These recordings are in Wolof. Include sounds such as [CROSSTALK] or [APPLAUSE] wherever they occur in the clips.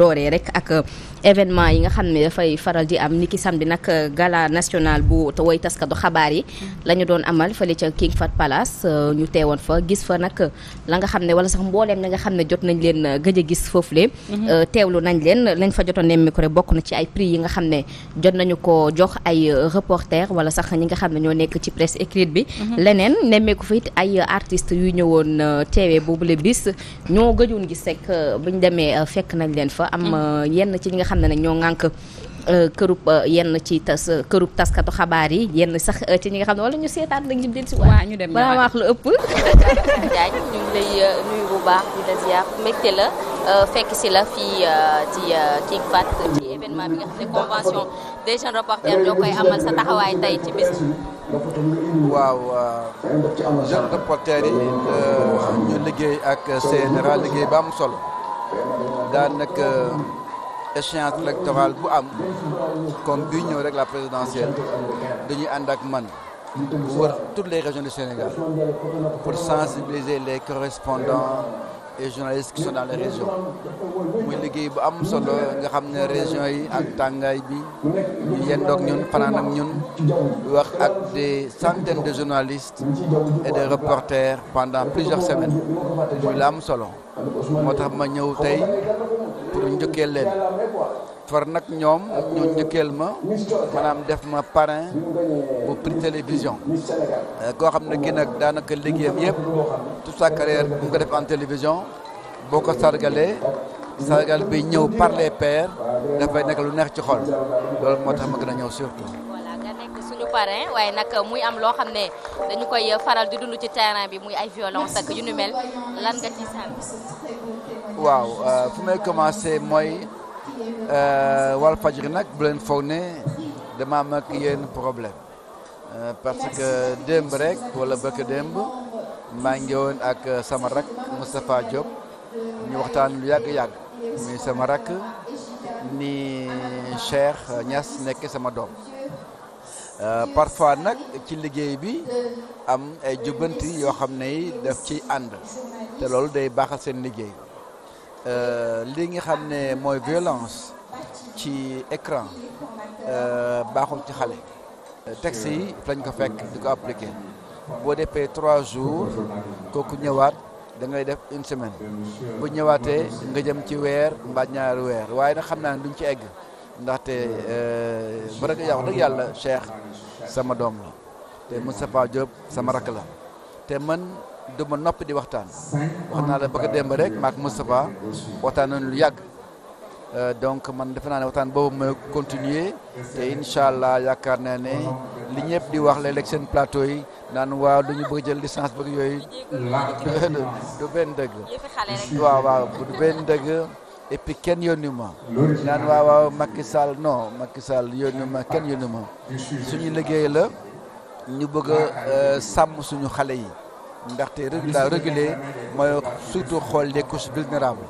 dooree rek ak événement yi nga xam ne dafay faral di am niki samedi nag euh, gala national bu woy taskatu xabaar yi mm. lañu doon amal fële ca King Fat Palace euh, ñu teewoon fa gis fa nag euh, la nga xam ne wala sax mbooleem la nga xam ne jot nañ leen gëj gis foofu le mm-hmm. teewlu nañ leen lañ fa jotoon nemmiku bokk na ci ay prix yi nga xam ne jot nañu ko jox ay reporter wala sax ñi nga xam ne ñoo nekk ci presse écrite bi mm-hmm. leneen nemmeeku fa it ay artistes yu ñëwoon teewee boobule bis ñoo gëjoon gis rek buñ demee fekk nañ leen fa am mm-hmm. yenn ci ñi nga xam xam ne ñoo ŋànk euh, kërub euh, ci tas euh, kërub xabaar yi yenn sax ci ñi nga ñu seetaan la ñu waa ñu dem [LAUGHS] di la si la fii ci King événement bi nga xam ne convention des jeunes reporters ñoo koy amal sa taxawaay tey ci bis waaw jeunes reporters yi ñu liggéey ak CNRA liggéey ba am solo daanaka échéance électorale bu am comme bi ñëw rek la présidentielle dañuy ànd ak man bu toutes les régions du Sénégal pour sensibiliser les correspondants et journalistes qui sont dans les régions muy liggéey bu am solo nga xam ne région yi ak tàngaay bi ñu yendoog ñun fanaan ak ñun wax ak des centaines de journalistes et de reporters pendant plusieurs semaines muy la am solo moo tax ma ñëw tey pour njëkkeel leen far nag ñoom ñu njëkkeel ma maanaam def ma parrain bu prix télévision euh, koo xam ne kii nag daanaka liggéeyam yëpp toute sa carrière bu ko def en télévision boo ko sargalee sargal bi ñëw par les pairs dafay nekk lu neex ci xol loolu moo tax ma gën a ñëw surtout parrain waaye nag muy am loo xam ne dañu koy faral di dund ci terrain bi muy ay violence ak yu nu mel lan nga ci sànni. waaw euh, fu may commencé mooy euh, Walfadjri nag bu leen foog ne dama am ak yenn problème euh, parce que démb rek wala bëgg démb maa ngi woon ak sama rak Moustapha Diop ñu waxtaan lu yàgg-yàgg muy sama rak ni Cheikh ñas nekk sama doom. Euh, parfois nag ci liggéey bi am ay jubbanti yoo xam ne def daf ciy ànd te loolu day baaxal seen liggéey euh, li nga xam ne mooy violence ci écran euh, baaxul ci xale texte yi lañ ko fekk di ko appliqué boo defee trois jours kooku ñëwaat dangay def une semaine bu ñëwaatee nga jëm ci weer mbaa ñaari weer waaye nag xam naa ne duñ ci egg ndaxte euh, ba rek yow dëgg yàlla Cheikh sama doom la te Moustapha Diop sama rakk la te man du ma noppi di waxtaan wax naa la bëgg a démb rek maak Moustapha waxtaan nañu lu yàgg euh, donc man defe naa ne waxtaan boobu ma continuer te incha allah yaakaar naa ne li ñëpp di wax léeg-léeg seen plateau yi naan waaw du ñu bëgg jël licence bëgg yooyu [LAUGHS] du benn dëgg et puis kenn yónni ma naan waaw waaw Macky Sall non Macky Sall yónni ma kenn yónni ma suñu liggéey la ñu bëgg a euh, sàmm suñu xale yi ndaxte la réguler mooy surtout xool les couches vulnérables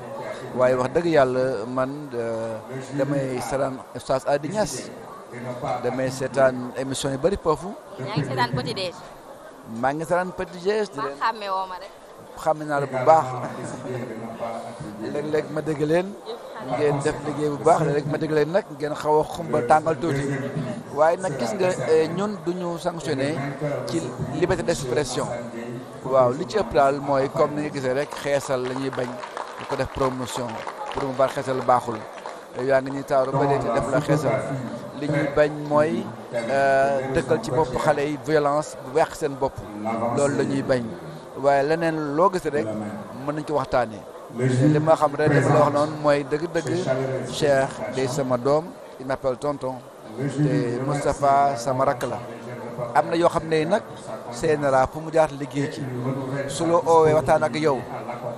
waaye wax dëgg yàlla man euh, damay seetaan Oustaz Adi Niass damay seetaan émission yu bëri foofu maa ngi seetaan Petit xam naa la bu baax léeg-léeg ma dégg leen ngeen def liggéey bu baax la rek ma dégg leen nag ngeen xaw a xumba tàngal tuuti waaye nag gis nga eh, ñun duñu sanctionné ci liberté d'expression waaw li ci ëpp laal mooy comme ni nga gisee rek xeesal la ñuy bañ di ko def promotion promouvoir xeesal baaxul yaa ngi ñuy taaru ba dee te def la xeesal li ñuy bañ mooy eh, dëkkal ci bopp xale yi violence bu weex seen bopp loolu la ñuy bañ waaye leneen loo gis rek mën nañ ci waxtaan waxtaanee li ma xam rek dama la wax noonu mooy dëgg-dëgg Cheikh day sama doom il m'appelle tonton te Moustapha sama rakk la am na yoo xam ne nag CNRA fu mu jaar liggéey ci su la oowee waxtaan ak yow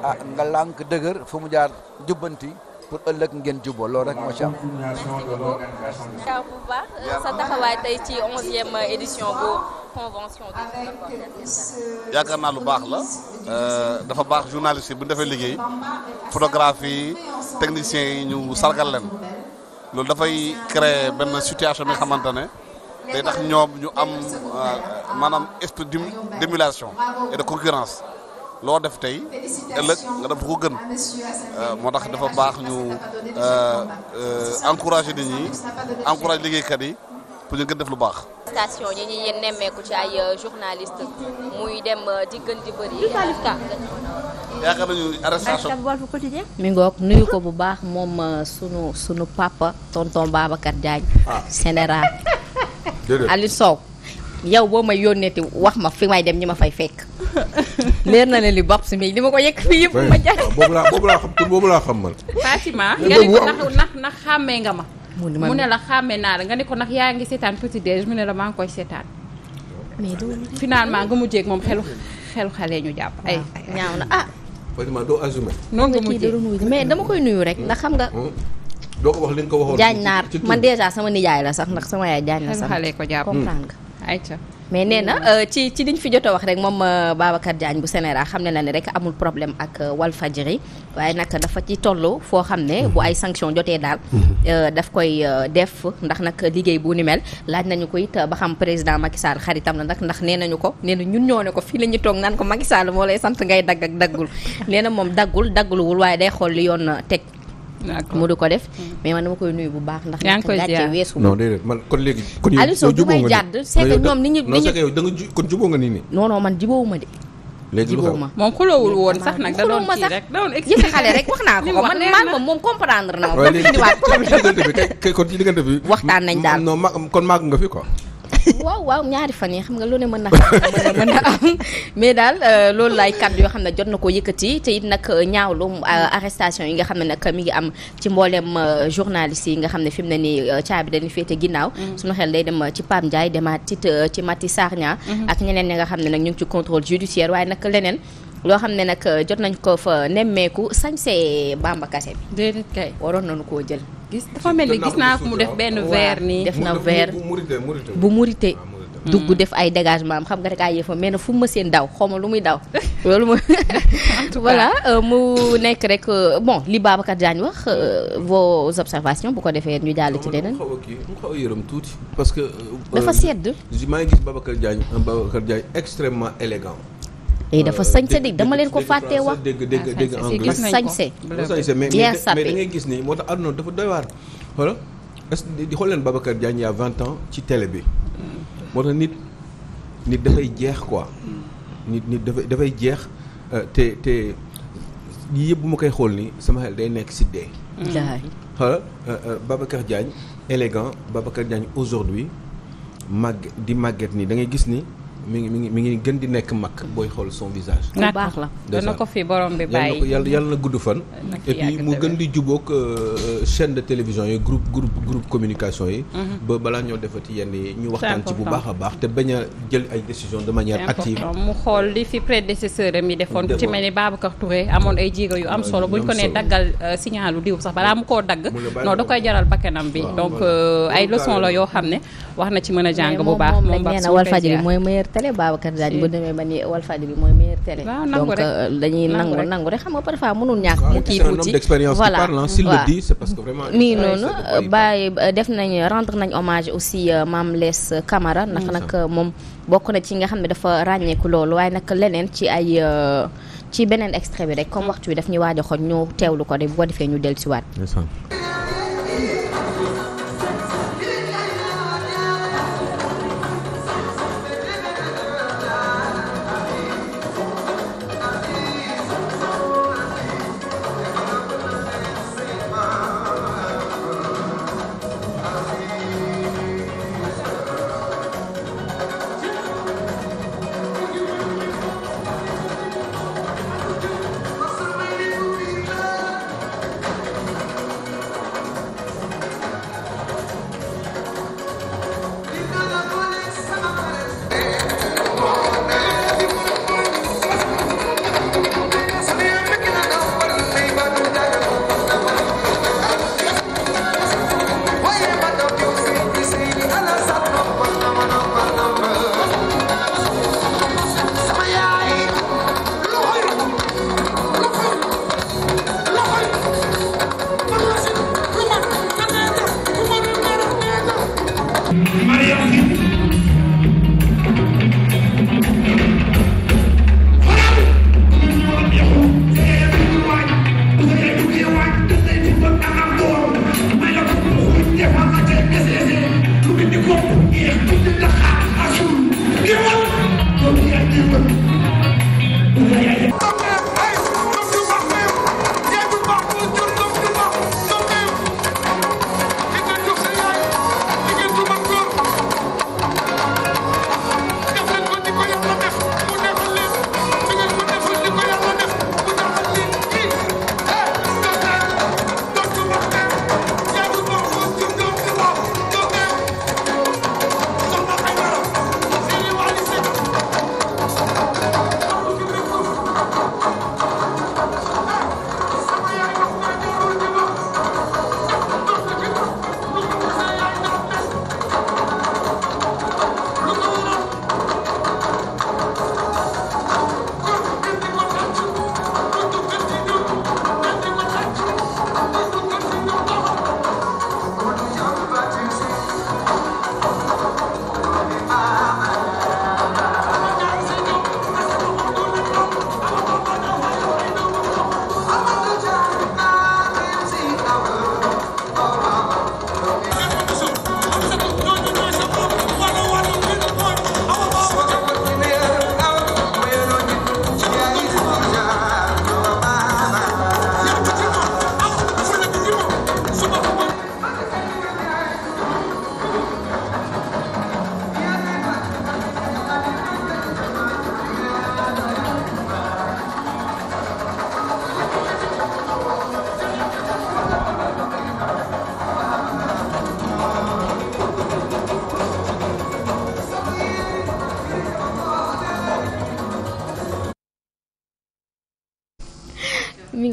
ah nga lànk dëgër fu mu jaar jubbanti pour ëllëg ngeen juboo loolu rek moo ci am. sa taxawaay tey ci onzième édition bu. yaakaar naa lu baax la euh, dafa baax journaliste bu ñu defee liggéey photographie techniciens yi ñu sargal leen loolu dafay créer benn situation bi xamante ne day tax ñoom ñu am euh, maanaam esprit d'émulation et de concurrence loo def tey ëllëg nga def ko gën euh, moo tax dafa baax ñu encourager nit ñi encourager liggéeykat yi pour ñu baax. station nemmeeku ci ay euh, journaliste muy dem euh, di di bëri. yaakaar nañu arrestation Walf Quotidien ko bu baax moom euh, sunu sunu papa tonton Babacar Diagne. Ah. général. [LAUGHS] Aliou Sow. yow boo may yónneeti wax ma fi may dem ñi ma fay fekk. leer na ne li bopp si mi li ma ko yëkk fii yëpp ma jaay. Ah, boobu laa xam man. Fatima nga ne ko ndax ndax xàmmee nga ma. mu ne la xàmme naa la nga ne ko nag yaa ngi seetaan petit déj mu ne la maa ngi koy seetaan. mais finalement nga mujjee ak moom xelu xelu xale ñu jàpp. ay ñaaw na ah. vraiment doo assumé. mais dama koy nuyu rek ndax xam nga. Hmm? doo ko wax li nga ko waxoon. naar man dèjà sama nijaay la sax ndax sama yaay jaañ la sax. ko jàpp comprendre nga. mais nee na euh, ci ci liñ fi jot a wax rek moom euh, Babacar Diagne bu Sénégal xam ne na ne rek amul problème ak euh, Walfadjri waaye nag dafa ci toll foo xam ne bu ay sanction jotee daal mhm. daf koy def ndax nag liggéey bu ni mel laaj nañu ko it ba xam président Macky Sall xaritam na nag ndax nee nañu ko nee na ñun ñoo ne ko fii la ñu toog naan ko Macky Sall moo lay sant ngay dagg ak daggul [LAUGHS] nee na moom daggul dagguluwul waaye day xool li yoon teg mu du ko def mais man dama koy nuyu bu baax ndax gàcce weesu non déedéet man kon léegi kon yow Aliou Sow du may jàdd c'est que ñoom ni ñu non c'est que yow da nga kon juboo nga nii nii non man jubóowuma de léegi moom xuloowul woon sax nag da doon kii rek da doon expliqué xale rek wax naa ko ko man man moom moom comprendre na ma kon ci diggante bi kay kon ci diggante bi waxtaan nañ daal non ma kon maag nga fi ko waaw waaw ñaari fan yi xam nga lu ne mën na mën na am mais daal euh, loolu laay kàddu yoo xam ne jot na ko yëkkati te it nag euh, ñaawlu euh, arrestation yi nga xam ne nag mi ngi am ci mbooleem journaliste yi nga xam ne fi mu ne nii caabi dañu féete ginnaaw mm. suñu xel day dem ci Pape Ndiaye demaat ci Mati Sarnia mm-hmm. ak ñeneen ñi nga xam ne nag ñu ngi ci contrôle judiciaire waaye nag leneen loo xam ne nag jot nañ ko fa nemmeeku sañse Bamba Kassé bi déedéet kay waroon koo jël gis dafa mel ni gis naa mu def benn verre nii. def na verre bu murite ah, dugg hmm. def ay dégagement am xam nga rek ay yëfam mais na fu ma seen daw xaw ma lu muy daw [LAUGHS] loolu ma [LAUGHS] voilà euh, mu nekk rek euh, bon li Babacar jaan wax euh, vos observations bu ko defee ñu jàll ci leneen. mu xaw yërëm tuuti parce que. dafa sedd. maa ngi gis Babacar Diagne un Babacar Diagne élégant léegi eh, dafa euh, sañse dégg dama leen ko fàttee wax dafa ah, sañse mais mais da ngay gis ni moo tax àdduna dafa doy waar voilà est-ce que di xool leen Babacar Diagne yaa vingt ans ci télé bi moo tax nit nit dafay jeex quoi nit nit dafay dafay jeex euh, te te yii yëpp bu ma koy xool ni sama xel day nekk si dee xala euh, Babacar Diagne élégant Babacar Diagne aujourd'hui màgg di màgget nii da ngay gis ni mi ngi mi ngi mi ngi gën di nekk mag booy xool son visage. bu baax la dana ko fi borom bi bàyyi yàlla yàlla na gudd fan. et mu gën di jubóog euh, euh, chaîne de télévision yi groupe groupe groupe communication yi. Mhm. ba balaa ñoo defati yenn yi ñu waxtaan ci bu baax a baax te bañ a jël ay décision de manière active. mu xool li fi prédécesseur am defoon ku ci mel ni Babacar Touré amoon ay jéego yu am solo buñ ko nee daggal euh, signalu diw sax balaa mu koo dagg. non da koy jaral bakkanam bi donc ay leçon la yoo xam ne wax na ci mën a jàng bu baax moom télé Babacar Diagne bu demee ba ni Walfadjri bi mooy meilleure télé donc euh, dañuy nangu nangu rek xam nga parfois mënul ñàkk mu kii tuuti voilà nii noonu bàyyi euh, def nañ rendre nañ hommage aussi euh, maam Less kamara ndax nag moom bokk na ci nga xam ne dafa ràññeeku loolu waaye nag leneen ci ay ci beneen extrait bi rek comme mm. waxtu bi daf ñu waaj a xooj ñu teewlu ko de bu ko defee ñu dellusiwaat Thank you.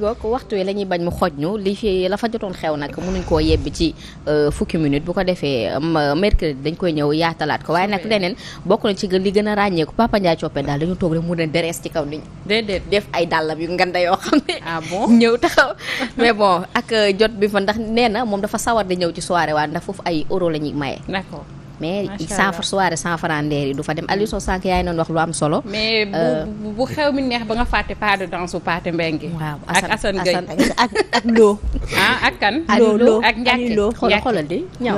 ngoog waxtu wi la ñuy bañ mu xoj ñu li fi la fa jotoon xew nag mënuñ koo yebbi ci euh, fukki minute bu ko defee mercredi dañ koy ñëw yaatalaat ko waaye nag leneen bokk nañ ci gën li gën a ràññeeku Papa Ndiaye Coppé daal dañu toog rek mu ne derees ci kaw nit ñi def ay dàllam yu nganda yoo xam ne ah bon [LAUGHS] ñëw taxaw mais bon ak euh, jot bi fa ndax nee na moom dafa sawar di ñëw ci soirée waa ndax foofu ay euro lañuy ñuy maye mais saafara soirée saafara ndeer du fa dem Aliou Sow sànq yaay noonu wax lu am solo. mais euh, bu bu xew mi neex ba nga fàtte pas de danse Pathé Mbengue. waaw ak Assane ak ak [LAUGHS] Lo. ah ak kan. Lo Lo ak Ndiakhate ñaw.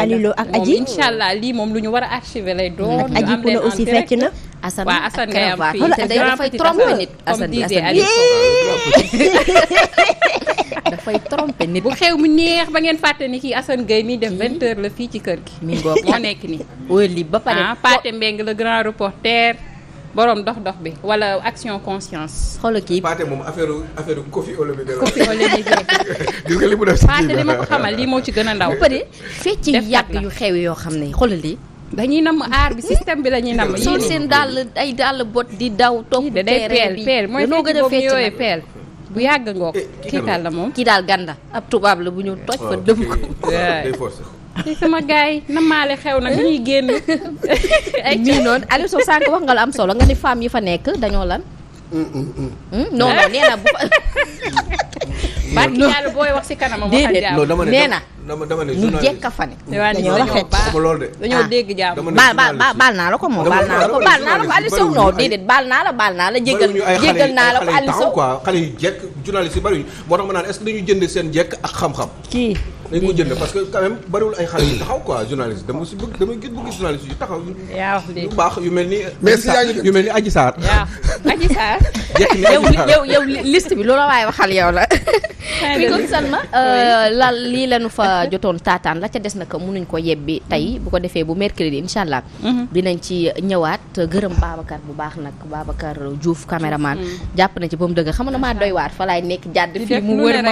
Aliou ak Aji moom incha lii moom lu ñu war a archiver lay doon. ak aussi fecc na. Assane waaw Assane am fii te dafay trompé nit. Assane bi [LAUGHS] dafay tromper nit bu xew mu neex ba ngeen fàtte ni kii Assane gay mii def vingt heures la fii ci kër gi mi ngoog moo nekk nii wóor li ba pare ah Pathé la le grand reporter boroom dox dox bi wala action conscience. xoolal kii Pathé moom affaire affaire Koffi Olomide la. Koffi [LAUGHS] li ma ko xamal lii moo ci gën a ndaw. bu paree fecc yàgg yu xew yoo xam ne xoolal lii. dañuy nam aar bi système bi la ñuy namm. yéen seen dàll ay dàll bot di daw. topp peel peel mooy fecc boobu ñu yooyee peel. bu yàgg ngoog eh, kii daal la moom kii daal ganda ab tubaab la bu ñu toj fa dëm ko ci sama gars yi namaale xew nag ñuy génn mii [LAUGHS] noonu Aliou Sow sànq wax nga la am solo nga ni femmes yi fa nekk dañoo lan mm, mm, mm. Hmm? non non nee bu fa [LAUGHS] barki yàlla booy wax si kanamam waxal jàmm nee na mu jekka fa ne dañoo rafet dañoo ah. dégg jàmm baal baal naa la ko moom baal naa la ko baal naa la naa la baal naa la jégal jégal naa la ko Aliou Sow quoi xale yu ma naan est-ce jënd seen jekk ak xam kii dañ ko jënd parce que quand même bariwul ay xale yu taxaw quoi journaliste si bëgg dama gis bëgg journaliste yu taxaw baax yu mel ni yu mel ni Adji Sarr Adji Sarr yow yow liste bi loolu waaye waxal yow la. fi kon Salma euh, lal lii lañu fa jotoon taataan la ca des naka mënuñ ko yebbi tey bu ko defee bu mercredi incha mhm. dinañ ci ñëwaat gërëm Babacar bu baax nag baabakar juuf caméraman. Mhm. jàpp na ci ba mu dëgg xam na maa doy fa laay nekk jàdd fii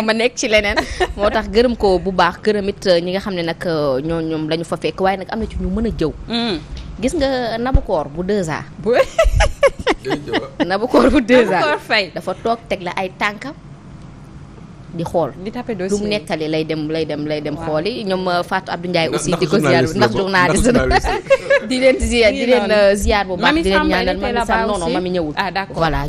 ma nekk ci leneen. [LAUGHS] moo tax gërëm ko bu baax gërëm euh, ñi nga xam ne nag euh, ñoo ñoom la fa fekk waaye nag am na ci ñu mën a jëw. Mhm. gis nga nabu koor bu deux ans. [LAUGHS] Nabokor bu deux ans fay dafa toog teg la ay tànk di xool lu mu nekkali lay dem lay dem lay dem xooli ñoom uh, Fatou Abdou Ndiaye aussi di ko ziar ndax journaliste di leen ziar di leen euh, ziar bu baax di leen ñaanal mami sax non non mami ñëwul. ah d'accord waa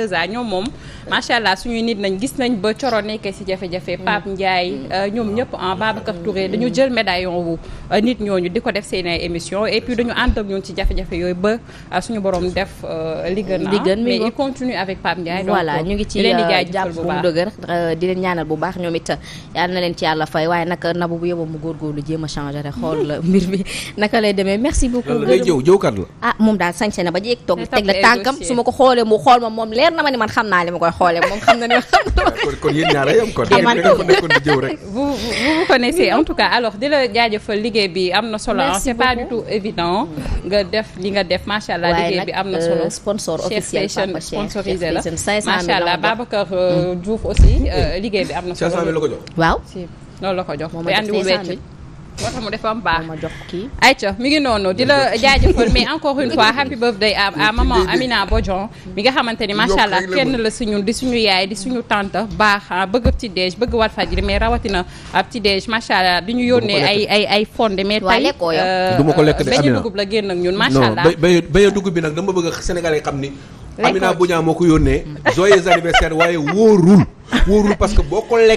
2A ñoom moom. macha allah suñuy nit nañ gis nañ ba coro nekkee si jafe-jafe mm. Pape mm. euh, ñoom ñëpp en Babacar Touré dañu mm. jël médaillon wu euh, nit ñooñu di ko def seen émission et puis dañu ànd ak ci jafe yooyu ba suñu borom def li gën li gën ah. mais il continue avec Pape Ndiaye voilà ñu ngi ci jàpp bu dëgër di ñaanal bu baax ñoom it yal na leen ci yàlla fay waaye nag nabu bu yóbbu mu góorgóorlu jéem a changé rek xool [LAUGHS] mbir bi naka lay demee merci beaucoup. gërëm jëw jëwkat la. ah moom daal sañse na ba jéeg toog teg la tànkam su ma ko xoolee mu xool ma moom leer na ma ne man xam naa li ma koy xoolee moom xam na ne xam na. [LAUGHS] kon kon yéen ñaar yam kon. Eh, man di [LAUGHS] en tout cas alors di la jaajëfal liggéey bi am na solo. c'est pas du tout nga def li nga def macha allah liggéey bi am na solo. sponsor officiel Papa Cheikh sponsorisé la macha allah Babacar Diouf aussi liggéey bi am na solo. 500000 la ko jox waaw. loolu la ko jox te andiwul wecc moo tax mu dafa am baax ma jox kii ngi noonu di la jaajëfal mais encore une [LAUGHS] fois happy birthday à à Amina Bodion mi nga xamante ni macha allah kenn la si ñun di suñu yaay di suñu tante baax ah, bëgg petit déj bëgg Walfadjri mais rawatina ah, petit déj macha allah di ñu yónnee ay ay ay mais tey euh, du de Amina dugub la génn ak ñun macha allah non bañ dugub bi nag dama bëgg Sénégal yi xam ni Amina Bodion moo ko yónnee joyeux anniversaire waaye wóorul wóorul parce que boo ko l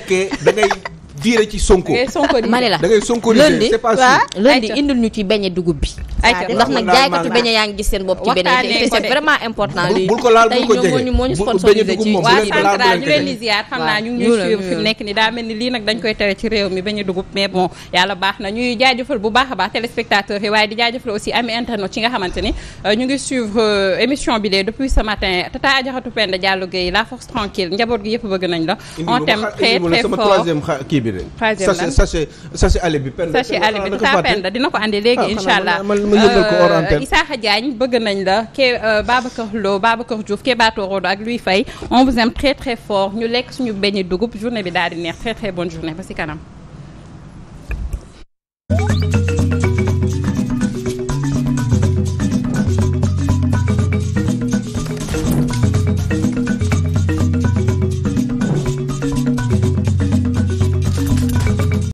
diire ci Sonko. da ngay Sonko da ngay Sonko c'est pas ñu ci beñe dugub bi. ay ndax nag jaaykatu beñe yaa ngi gis seen bopp ci beneen c'est vraiment important lii tey ñoom moo ñu moo ñu sponsorisé ci waa Sandra ñu leen di xam naa ñu ngi suivre nekk ni daa mel ni lii nag dañ koy tere ci réew mi bañ a dugub mais bon yàlla baax na ñuy jaajëfal bu baax a baax téléspectateurs yi waaye di jaajëfal aussi ami internet ci nga xamante euh, ñu ngi suivre euh, émission bi lee depuis ce matin tata Ajaratu Penda Diallo Gueye la force tranquille njaboot gi la on t'aime très très ma yëngal ko hors euh, antenne Isaaxa Diagne bëgg nañ la ke euh, Babacar Lo Babacar Diouf baatoo Torodo ak Louis Faye on vous aime très très fort ñu lekk suñu beñi dugub journée bi daal di neex très très bonne journée ba si kanam